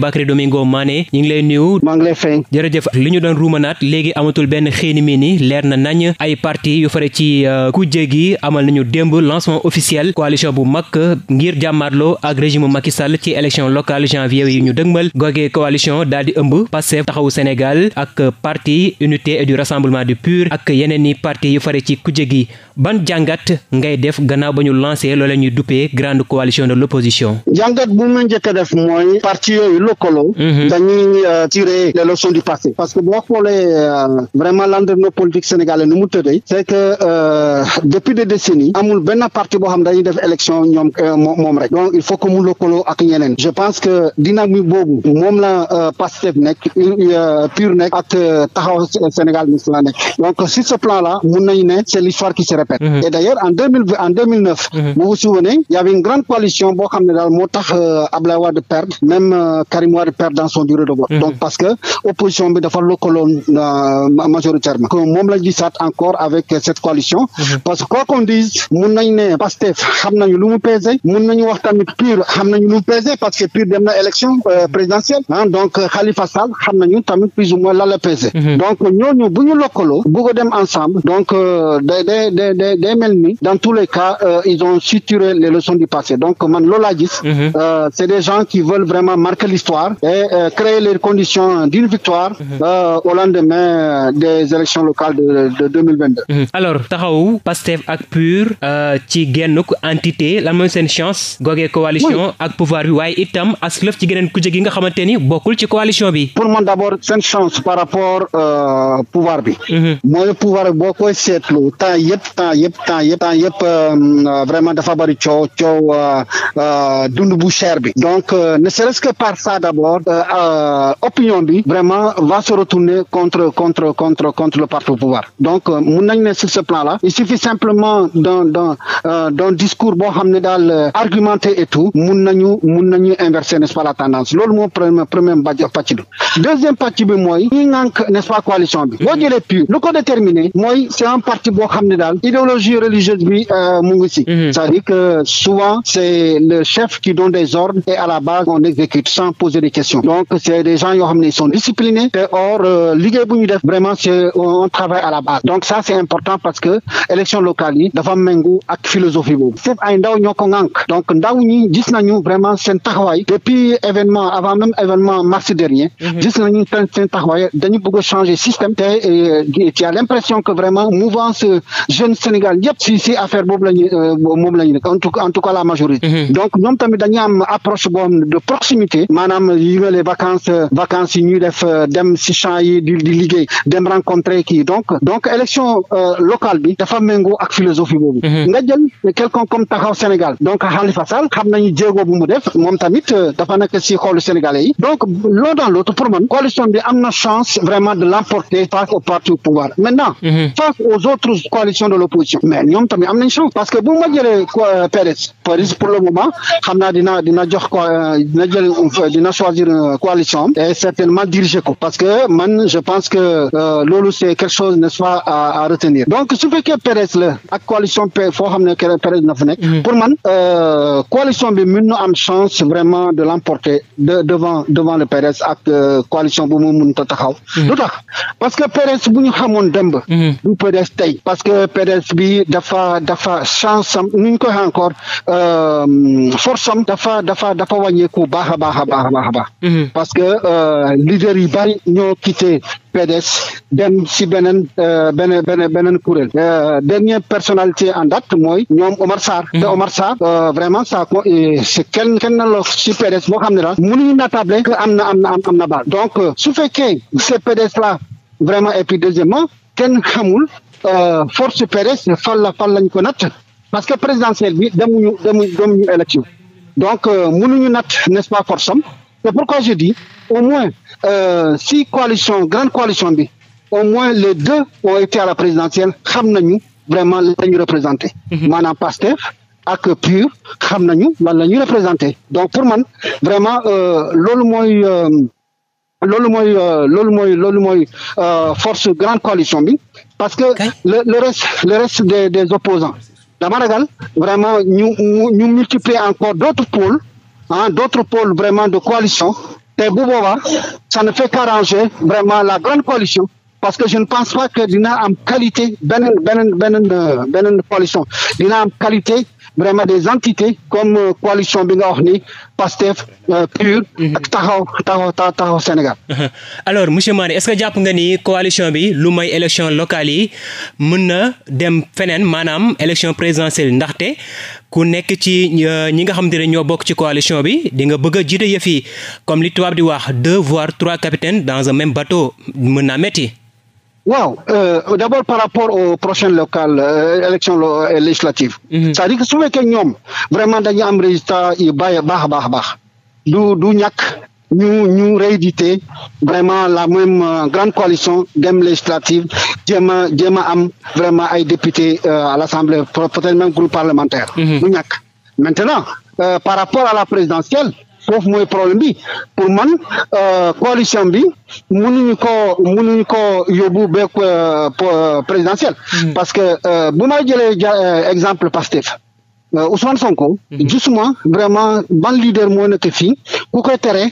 Bakary Domingo Mané ñu ngi lay nuyu. maa ngi lay fay. jërëjëf li ñu doon ruumanaat léegi amatul benn xéeni mii ni leer na nañ ay parti yu fare ci euh, kujje gi amal nañu démb lancement officiel coalition bu mag ngir jàmmaarloo ak régime Macky Sall ci élection locale janvier yi ñu dëgmal googee coalition daal di ëmb Pastef taxawu senegal ak parti unité et du rassemblement du pur ak yeneen i parti yu fare ci kujje gi ban jàngat ngay def gannaaw ba ñu lancé loola ñuy duppee grande coalition de l'opposition. jàngat bu ma njëkk def mooy parti yooyu lëkkaloo. Mhm. dañuy euh, tirer les leçons du passé. parce que boo xoolee euh, vraiment l'environnement politique sénégalais nu mu tëddee. c'est que euh, depuis des décennies. amul benn parti boo xam dañuy def élection ñoom moom rek. donc il faut que mu lëkkaloo ak ñeneen. je pense que dynamique boobu. moom la Pastef nekk pur nekk. ak taxaw Sénégal nekk la nekk. donc sur ce plan répète. Mm-hmm. et d'ailleurs en deux mille en deux mille neuf. vous vous souvenez il grande coalition boo xam ne daal moo tax euh, Abdoulaye perdre même euh, Karim Wade perdre dans son bureau de vote. Mm-hmm. donc parce que opposition bi dafa lëkkaloon euh, majoritairement. moom la gisaat encore avec cette coalition. Mm-hmm. parce que quoi qu'on dise mun nañ ne Pastef xam nañu lu mu pesé parce que PUR dem na élection présidentielle ah donc Khalifa Sall xam nañu tamit plus moins la la pesé. donc ñooñu bu ñu lëkkaloo bëgg a ensemble donc day day day day mel ni dans tous les cas euh, ils ont su tirer les leçons du passé donc man loolu laa gis. Mhm. Euh, c'est des gens qui veulent vraiment marquer l'histoire et euh, créer les conditions d'une victoire. Mhm. au lendemain des élections locales de de deux mille vingt deux. Mhm. alors taxawu Pastef ak PUR ci genn entité lan mooy seen chance googee coalition ak pouvoir bi waaye itam aslëf ci geneen kujje gi nga xamante ni bokkul ci coalition bi. pour man d'abord seen chance par rapport pouvoir bi. mooy pouvoir boo koy seetlu temps yëpp. temps yëpp temps euh, euh, vraiment dafa bëri coow coow euh, dund bu cher bi donc ne serait-ce que par ça d'abord opinion bi vraiment va se retourner contre contre contre contre le parti au pouvoir donc mun nañ ne sur ce plan là il suffit simplement d'un d'un d'un discours boo xam ne daal argumenté et tout mun nañu mun nañu inverser n'est-ce pas la tendance loolu moo premier premier pàcc bi deuxième pàcc bi mooy ñi ngànk nest pas coalition bi boo jëlee PUR lu ko déterminer mooy c'est un parti boo l'idéologie religieuse bi euh, mu ngi si mhm. cest le chef qui donne des ordres et à la base on exécute sans poser des questions donc c'est des gens yoo xam ne ils sont euh, bu ñu def vraiment c'est on travaille à la base donc ça c'est important parce que élection locale yi dafa méngu ak philosophie boobu c'est ay ndaw ñoo ko donc ndaw ñi gis nañu vraiment seen taxawaay depuis événement avant même événement mars dernier mhm. gis nañu seen seen taxawaay dañu a changer système te tu euh, l'impression que vraiment Sénégal yëpp si si affaire boobu la ñu euh, moom la ñu nekk en tout en tout cas la majorité. Mhm. donc ñoom tamit dañuy approche boo de proximité maanaam yi nga les vacances euh, vacances yi ñuy def euh, dem si champs yi di di liggéey dem rencontrer kii donc donc élection locale bi dafa méngoo ak philosophie boobu. Mhm. nga jël quelqu'un comme taxaw Sénégal donc Khalifa Sall xam nañu jéego bu mu def moom tamit dafa nekk si xoolu sénégal yi donc l'un dans l'autre pour man coalition bi am na chance vraiment de l'emporter face au parti au pouvoir maintenant mhm. opposition mais ñoom tamit am nañ chance parce que bu ma jëlee quoi Pérez Pérez pour le moment xam naa dina jox choisir euh, coalition et certainement diriger ko parce que man je pense que euh, loolu c'est quelque chose n'est-ce pas à à retenir donc su fekkee Pérez la ak coalition P xam ne Pérez na fa nekk mm-hmm. pour man euh, coalition bi mën na am chance vraiment de l'emporter de devant devant le Pérez ak coalition bu mu mën ta mm-hmm. parce que Pérez bu ñu xamoon démb mm-hmm. du Pérez tey parce presse bi dafa dafa chance am nuñ koy encore euh, force am dafa dafa dafa wàññeeku baax a baax a baax a a baax mm-hmm. parce que euh, leader yi bari ñoo quitté PDS dem si beneen euh, beneen beneen beneen kuréel dernière personnalité en date mooy ñoom Omar Sarr mm-hmm. te Omar Sarr vraiment ça ko c'est kenn kenn na la si PDS boo xam ne la mënuñu natable am na am na am na baal donc su fekkee ces PDS là vraiment et puis deuxièmement kenn xamul Euh, force PDS fal la fal lañ ko natt parce que présidentielle bi demuñu demuñu demuñu élection donc euh, mënuñu natt n'est-ce pas force am c'est pourquoi je dis au moins euh, si coalition grande coalition bi au moins les deux ont été à la présidentielle xam nañu vraiment la ñu représenté mhm. maanaam Pastef ak PUR xam nañu lan la ñu représenté donc pour man vraiment loolu mooy loolu mooy loolu mooy loolu mooy force grande coalition bi parce que okay. le le reste le reste des des opposants dama ragal vraiment ñu ñu multiplier encore d'autres pôles ah d'autres pôles vraiment de coalition et bu boobaa ça ne fait qu'arranger vraiment la grande coalition parce que je ne pense pas que dina am qualité beneen beneen beneen euh, beneen coalition dina am qualité vraiment des entités comme euh, coalition bi nga wax ni PASTEF euh, PUR. Mhm. ak taxaw taxaw taxaw Sénégal. alors monsieur Mané jàpp nga ni coalition bi lu may élection locale yi mën na dem feneen maanaam élection présidentielle ndaxte ku nekk ci euh, ñi nga xamante ne ñoo bokk ci coalition bi di nga bëgg a jiite comme li tubaab di wax deux voir trois capitaines dans un même bateau mën naa metti waaw euh, d'abord par rapport aux prochaines locales euh, élections lo euh, législatives mhm. c'est-à-dire que su fekkee ñoom vraiment dañu am résultat yu baax a baax a baax du du ñàkk ñu ñu rééditer vraiment la même euh, grande coalition dem législative jéem a jéem a am vraiment ay députés euh, à l'Assemblée peut-être même groupe parlementaire mhm. du mm maintenant euh, par rapport à la présidentielle foofu mooy problème bi pour man euh, coalition bi mënuñu ko mënuñu ko yóbbu beeg euh, présidentielle hmm. parce que euh, bu ma jëlee exemple Pastef Ousmane Sonko hmm. justement vraiment ban leader moo nekk fi ku koy tere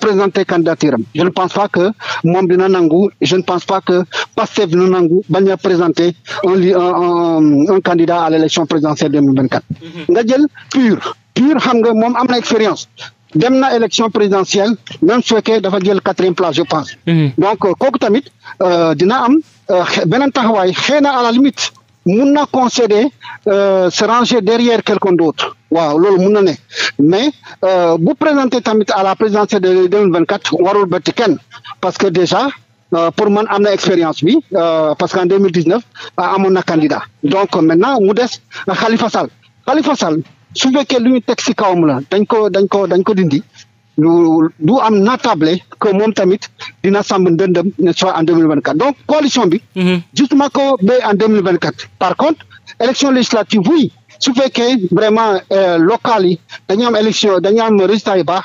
présenter candidature am je ne pense pas que moom dina nangu je ne pense pas que Pastef dina nangu bañ a présenter un un un candidat à l' élection présidentielle 2024 hmm. nga jël pur pur xam nga moom am na expérience dem na élection présidentielle même su fekkee dafa jël quatrième place je pense. Mhm. donc euh, kooku tamit euh, dina am euh, beneen taxawaay xëy na à la limite mun na concéder se ranger derrière quelqu'un d'autre waaw loolu mun na ne mais bu présenter tamit à la présidentielle de 2024 warul bëtt kenn parce que déjà. pour man am na expérience bi euh, parce qu'en a amoon na candidat donc maintenant mu des Khalifa Sall Khalifa Sall su fekkee lu ñu teg si kawam la dañ ko dañ ko dañ ko dindi lu du am natable que moom tamit dina sàmm ndëndëm ne soit en deux mille vingt quatre donc coalition bi. Mhm. justement ko ba en mille vingt quatre. par contre élection législative oui su fekkee vraiment euh, locales yi dañu am élection dañu am résultat baax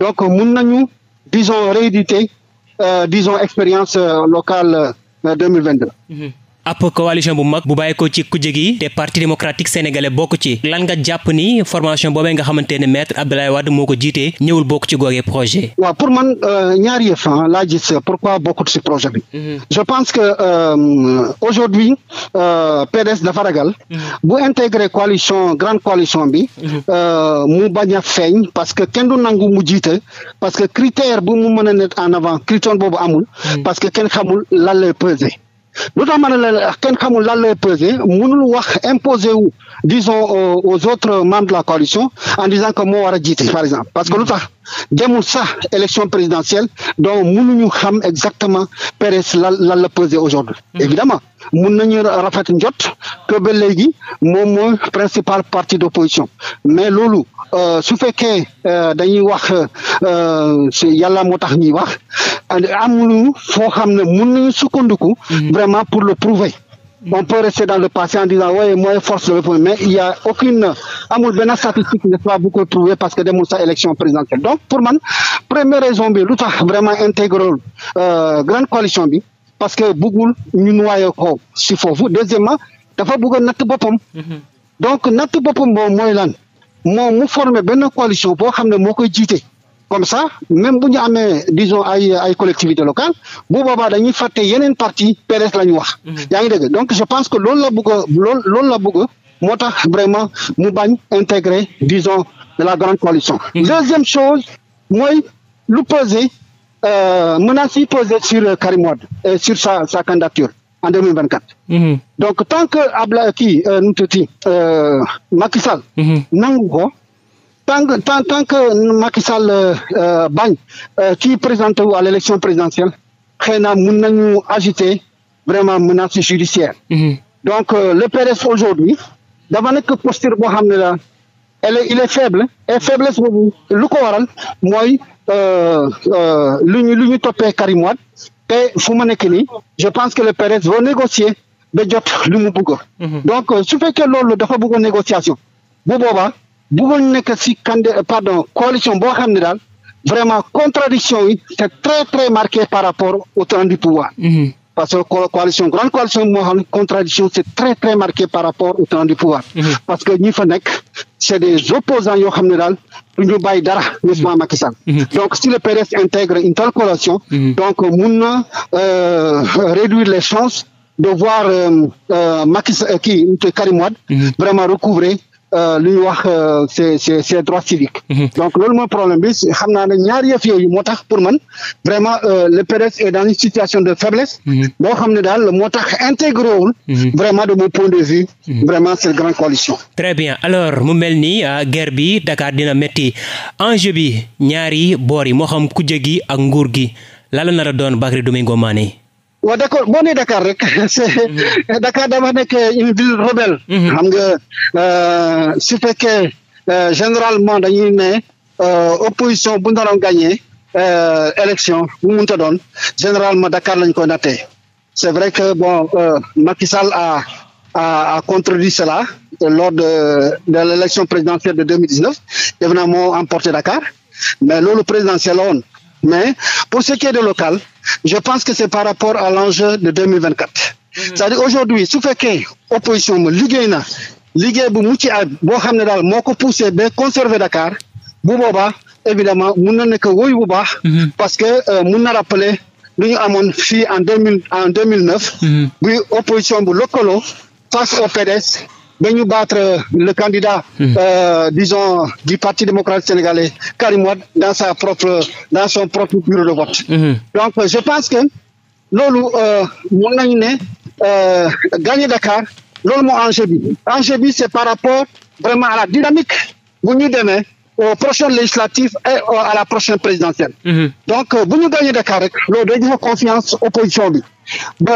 donc mun nañu disons rééditer euh, disons expérience euh, locale deux mille vingt mhm. ab coalition bu mag bu bàyyi ko ci kujje gi te parti démocratique sénégalais bokk ci lan nga jàpp ni formation boobee nga xamante ne maître Abdoulaye Wade moo ko jiitee ñëwul bokk ci googee projet. waaw pour man euh, ñaari yëf ah, laa gis euh, pourquoi bokkut ci projet bi. Mhm. je pense que euh, aujourd'hui PDS dafa ragal. Mhm. bu intégré coalition grande coalition bi. Mhm. mu bañ a feeñ parce que kenn du nangu mu jiite parce que critère bu mu mën a nekk en avant critère boobu amul. parce que kenn xamul lan lu tax ma ne la kenn xamul lan lay peser mënul wax imposer wu disons aux autres membres de la coalition en disant que moo war a jiite par exemple parce que lu tax demul sax élection présidentielle donc mënuñu xam exactement Pérez lan lan la peser aujourd'hui mm-hmm. évidemment mun nañu rafet njot que ba léegi moom mooy principal parti d'opposition mais loolu euh, su fekkee euh, dañuy wax euh, yàlla moo tax ñuy wax amuñu foo xam ne mun nañu sukkandiku mhm. vraiment pour le prouver mhm. on peut rester dans le passé en disant oui mooy force de l'opposition mais il y a aucune amul benn statistique n'est-ce pas bu ko trouver parce que demul sa élection présidentielle donc pour man première raison bi lu tax vraiment intégrer grande coalition bi parce que bëggul ñu noyyi ko si foofu deuxièmement dafa bëgg a natt boppam. Mhm. donc natt boppam boobu mooy lan moom mu formé benn coalition boo xam ne moo koy jiite. comme ça même bu ñu amee disons ay ay collectivité locale bu boobaa dañuy fàtte yeneen parti PDS la ñu wax. Mhm. yaa ngi dégg donc je pense que loolu la bëgg a loolu loolu la bëgg moo tax vraiment mu bañ intégrer disons la grande coalition. Mm -hmm. chose mooy lu peser euh, menace posée sur euh, Karim Wade et euh, sur sa, sa candidature en 2024. Mm -hmm. Donc tant que Abla qui euh, euh, Macky Sall mm -hmm. nangu ko tant, tant, tant que Macky Sall euh, bañ kii présenté wu l'élection présidentielle xëy na mun nañu agiter vraiment menace judiciaire. Mm-hmm. Donc le PDS aujourd'hui dafa nekk posture boo xam elle il est faible et faiblesse boobu lu ko waral mooy euh, euh, lu ñu lu ñu toppee Karim te fu ma nekk nii je pense que le PDS va négocier ba jot lu mu bëgg. Mhm. donc euh, su fekkee loolu dafa bëgg négociation bu boobaa bëggoon nekk si candi pardon coalition boo xam ne daal vraiment contradiction yi c'est très très marqué par rapport au temps du pouvoir. Mhm. parce que coalition grande coalition moo xam ne contradiction c'est très très marqué par rapport au temps du pouvoir mhm. parce que ñi fa nekk c'est des opposants yoo xam ne daal du ñu bàyyi dara justement Macky Sall mhm. Mhm. donc si le PDS intègre une telle coalition donc mun na euh, réduire les chances de voir euh, euh, Macky kii Karim Wade vraiment recouvrer Euh, lu ñuy wax euh, ces ces ces droits civiques. Mhm. donc loolu mooy problème bi xam naa ne ñaari yëf yooyu moo tax pour man vraiment euh, le PDS est dans une situation de faiblesse. Mhm. boo xam ne daal moo tax intégré wul. Mhm. vraiment de mon point de vue. vraiment cette grande coalition. très bien alors mu mel ni guerre bi Dakar dina métti enjeu bi ñaari boor yi moo xam kujje gi ak nguur gi la la nar a doon Bakary Domingo Mané. waaw d'accord boo nee Dakar rek c'est mhm. Dakar dama nekk une ville rebelle mhm. xam nga euh, su fekkee euh, généralement dañuy ne euh, opposition bu ndaroon gagné élection bu mu mënta doon généralement Dakar lañ koy nattee c'est vrai que bon Macky Sall a a a contredit cela lors de de l'élection présidentielle de 2019 defe naa moo emporté Dakar mais loolu présidentiel la mais pour de local je pense que c'est par rapport à l'enjeu de 2024 mhm. c'est-à-dire aujourd'hui su fekkee opposition ma liggéey na liggéey bu mucc ay boo xam ne daal moo ko poussé ba conserver Dakar bu boobaa évidemment mu na nekk woyu bu baax mhm. parce que euh, mun na rappeler du ñu amoon fii en deux mille en deux mille neuf mhm. bu opposition bu lëkkaloo face au PDS dañu battre le candidat hmm. euh, disons du Parti démocratique sénégalais Karim Wade dans sa propre dans son propre bureau de vote hmm. donc je pense que loolu euh, mën nañu ne euh, gagner Dakar loolu moo enjeu bi enjeu bi c'est par rapport vraiment à la dynamique bu ñu demee aux prochaines législatives et à la prochaine présidentielle. Mmh. donc euh, bu ñu gagné Dakar rek loolu confiance opposition bi ba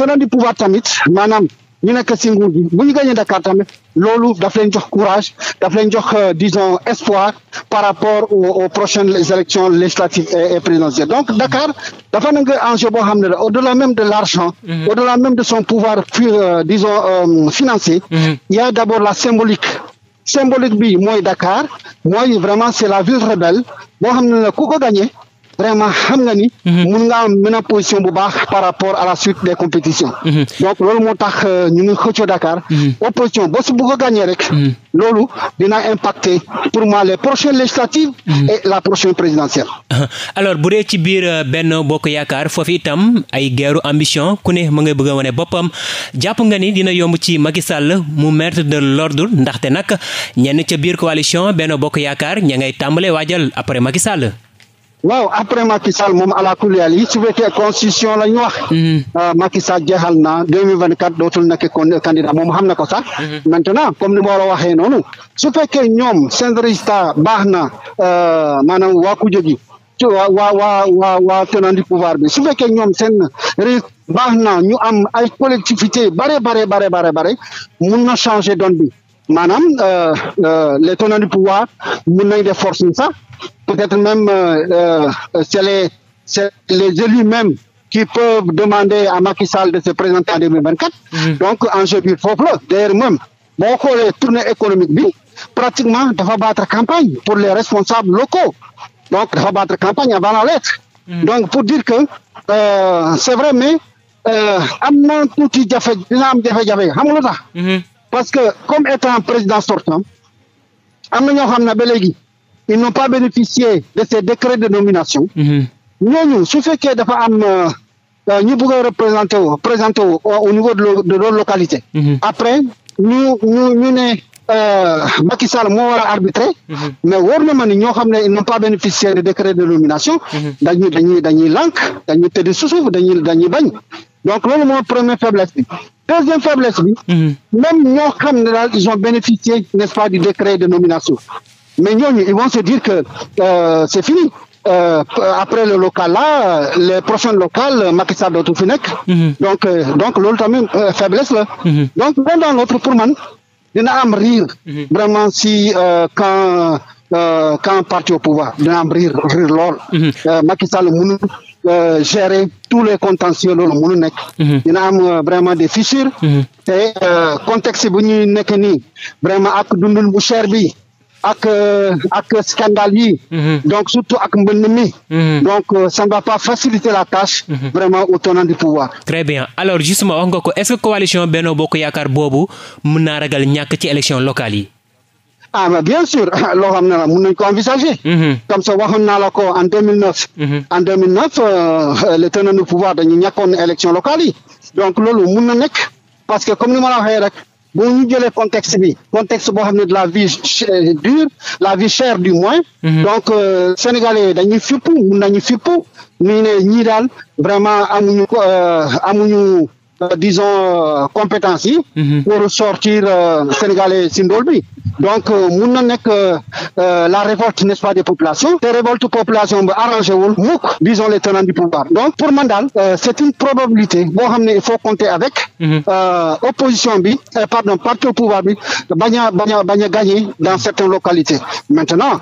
tenant du pouvoir tamit maanaam ñu nekk si nguur gi bu ñu gagné Dakar tamit loolu daf leen jox courage daf leen jox euh, disons espoir par rapport aux prochaines élections législatives et présidentielles donc Dakar dafa nekk enjeu boo xam ne la au-delà même de l'argent mhm. au-delà même de son pouvoir euh, disons euh, financier mhm. il y a d'abord la symbolique symbolique bi mooy Dakar mooy vraiment c'est la ville rebelle boo xam ne la ku ko gagné vraiment xam nga ni. Mhm. mun nga am mën bu baax par rapport à la suite des compétitions. Mhm. donc loolu moo tax euh, ñu ngi xëccoo Dakar. Mhm. opposition boo si bëgg a rek. loolu dina impacter pour moi les prochaines législatives. et la prochaine présidentielle. alors bu dee ci biir euh, benn Bokk Yaakaar foofu itam ay guerru ambition ku ne mu ngi bëgg a wane boppam jàpp nga ni dina yomb ci Macky Sall mu mettre de l'ordre ndaxte nag ñenn ca biir coalition benn Bokk Yaakaar ña ngay tàmbalee waajal après Macky Sall. waaw après Macky Sall moom ala kulli yi su fekkee constitution la ñu wax. Mhm. Euh, Macky Sall jeexal na 2024 dootul nekk candidat moom xam na ko sax. Mhm. maintenant comme ni ma waxee noonu su fekkee ñoom seen résultat baax na euh, maanaam waa kuje gi waa waa waa waa tenant du pouvoir bi su fekkee ñoom seen résultat baax na ñu am ay collectivité bare bare bare bare bare mun na changé donne bi maanaam euh, les tenants du pouvoir mun nañ def force sax. peut-être même euh, euh c'est les, les élus même qui peuvent demander à Macky Sall de se présenter en 2024. Mmh. donc enjeu bi foofu la d'ailleurs même boo xoolee tournée économique bi pratiquement dafa battre campagne pour les responsables locaux donc dafa battre campagne avant la lettre. Mmh. donc pour dire que euh, c'est vrai mais euh, am na tuuti jafe dina am jafe-jafe xam nga lu mmh. que comme étant président sortant am na ñoo xam ne ba léegi. ils n'ont pas bénéficié de ces décrets de nomination. Mhm. ñooñu su fekkee dafa am euh, euh, ñu bëgg a représenté wu présenté wu euh, au niveau de de leur localité. Mhm. après ñu ñu ñu ne Macky Sall moo war a arbitrer. Mhm. mais wóor na ma ne ñoo xam ne ils n'ont pas bénéficié de décret de nomination. dañuy dañuy dañuy lànk dañuy tëdd su suuf dañuy dañuy bañ donc loolu mooy première faiblesse bi. deuxième faiblesse bi. même ñoo xam ne daal ils ont bénéficié n'est-ce pas du décret de nomination. Mais ñooñu, ils vont se dire que euh, c'est fini. Euh, après le local la les prochains locales Macky Sall fi nekk. Mhm. donc euh, donc loolu tamit faiblesse la. Mhm. donc l'un dans l'autre pour man dina am riir. Mhm. vraiment si quand quand parti au pouvoir dina am riir riir lool. Macky Sall mënul gérer tous les contentieux loolu mënul nekk. dina am vraiment des fissures. te contexte bu ñu nekk ni vraiment ak dundun bu cher bi. ak euh, ak scandale yi. Mhm. donc surtout ak mbënn mi. Mhm. donc euh, ça ne va pas faciliter la tâche. Mhm. vraiment au tenant du pouvoir. très bien alors justement wax nga ko est-ce que coalition Benno Bokk Yaakaar boobu mën naa ragal ñàkk ci élection locale yi. ah mais bien sûr loo xam ne la mën nañu ko envisager. comme ça wax naa la ko en 2009. en 2009 le tenant du pouvoir dañu ñàkkoon élection locale yi donc loolu mën na nekk parce que comme ni ma la waxee rek. bu ñu jëlee contexte bi contexte boo xam ne de la vie euh, dure la vie chère du moins. Mhm. donc euh, sénégalais dañuy fippu mun nañu fippu ñu ne ñii daal vraiment amuñu euh, amuñu. Euh, disons euh, compétence yi. Mhm. pour sortir euh, sénégalais si ndóol bi. donc mun na nekk la révolte n'est-ce pas des populations. te révolte population bi arrangé wul. mukk disons les tenants du pouvoir. donc pour man daal c'est une probabilité boo xam ne il faut compter avec. Mhm. opposition bi pardon parti au bi bañ a bañ bañ a gagner dans certaines localités maintenant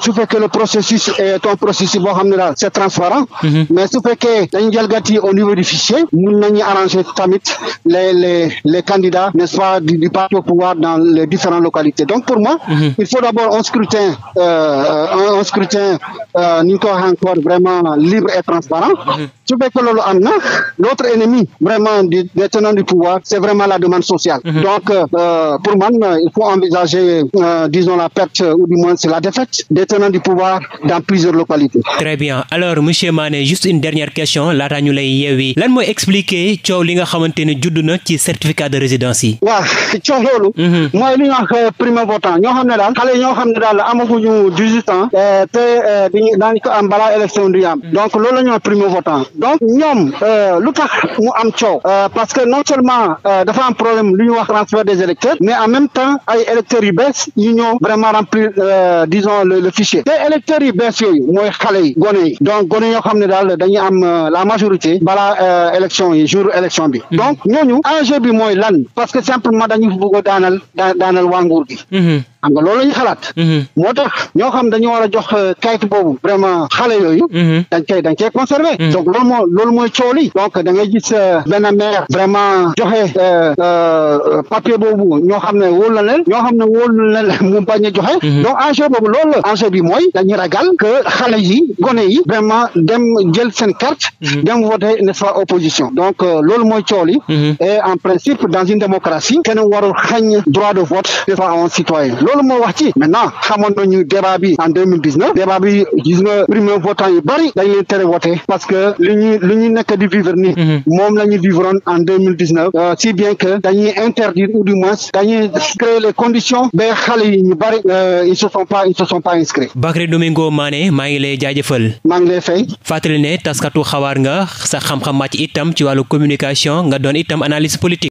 su fekkee le processus est un processus boo xam ne daal c'est transparent. Mhm. mais su fekkee dañu jalgati au niveau du fichier tamit les les les candidats n'est-ce pas du, du parti au pouvoir dans les différentes localités donc pour moi mm -hmm. il faut d'abord un scrutin euh, un, scrutin euh, ko encore vraiment libre et transparent mhm. je veux que loolu am na l'autre ennemi vraiment du des tenants c'est vraiment la demande sociale mm -hmm. donc euh, euh, pour man euh, il faut envisager euh, disons la perte ou du moins la défaite des du pouvoir dans plusieurs localités très bien alors monsieur Mané juste une dernière question laataa ñu lay yeewi lan expliquer coow li nga xamante ne judd na ci certificat de résidence yi waaw coow loolu mhm. mooy li nga wax primo votant ñoo xam ne daal xale ñoo xam ne daal dix-huit ans te dañ donc ñoom euh, lu tax mu am coow euh, parce que non seulement euh, dafa am problème lu ñu wax transfert des électeurs mais en même temps ay électeurs yu bees ñu ñëw vraiment remplir disons le fichier te électeurs yu bes yooyu mooy xale yi gone yi donc gone yoo xam ne daal dañuy am la majorité balaa élection yi jour élection bi mhm. donc ñooñu enjeu bi mooy lan parce que simplement dañu bëgg a daanal daanal waa nguur gi mhm. xam nga loolu la ñu xalaat. Mhm. moo tax ñoo xam dañoo war a jox euh, kayit boobu xale yooyu. Mhm. dañ koy dañ koy conserver. Mhm. donc loolu moo loolu mooy coow li donc da ngay gis euh, benn maire vraiment joxe euh, papier boobu ñoo xam ne wóolu na ñoo xam ne wóolu na leen mu bañ joxe. donc enjeu boobu loolu la bi mooy dañu ragal que xale yi gone yi vraiment dem jël seen carte. dem voter ne ce pas opposition donc loolu mooy coow li. et en principe dans une démocratie kenn war xañ droit de vote n'est-ce pas citoyen. loolu moo wax ci maintenant xamoon nañu débat bi en bi gis nga votant yu bëri dañ leen tere voté parce que li ñu li ñu nekk di vivre ni mhm. moom la ñu vivroon en mille dix neuf euh, si bien que dañuy interdire ou du moins dañuy créer les conditions ba xale yi ñu bari euh, ils se sont pas ils se sont pas Domingo Mané maa ngi lay jaajëfal. maa ngi lay fay. fàttali ne taskatu xawaar nga sa xam-xam màcc itam ci wàllu communication nga doon itam analyse politique.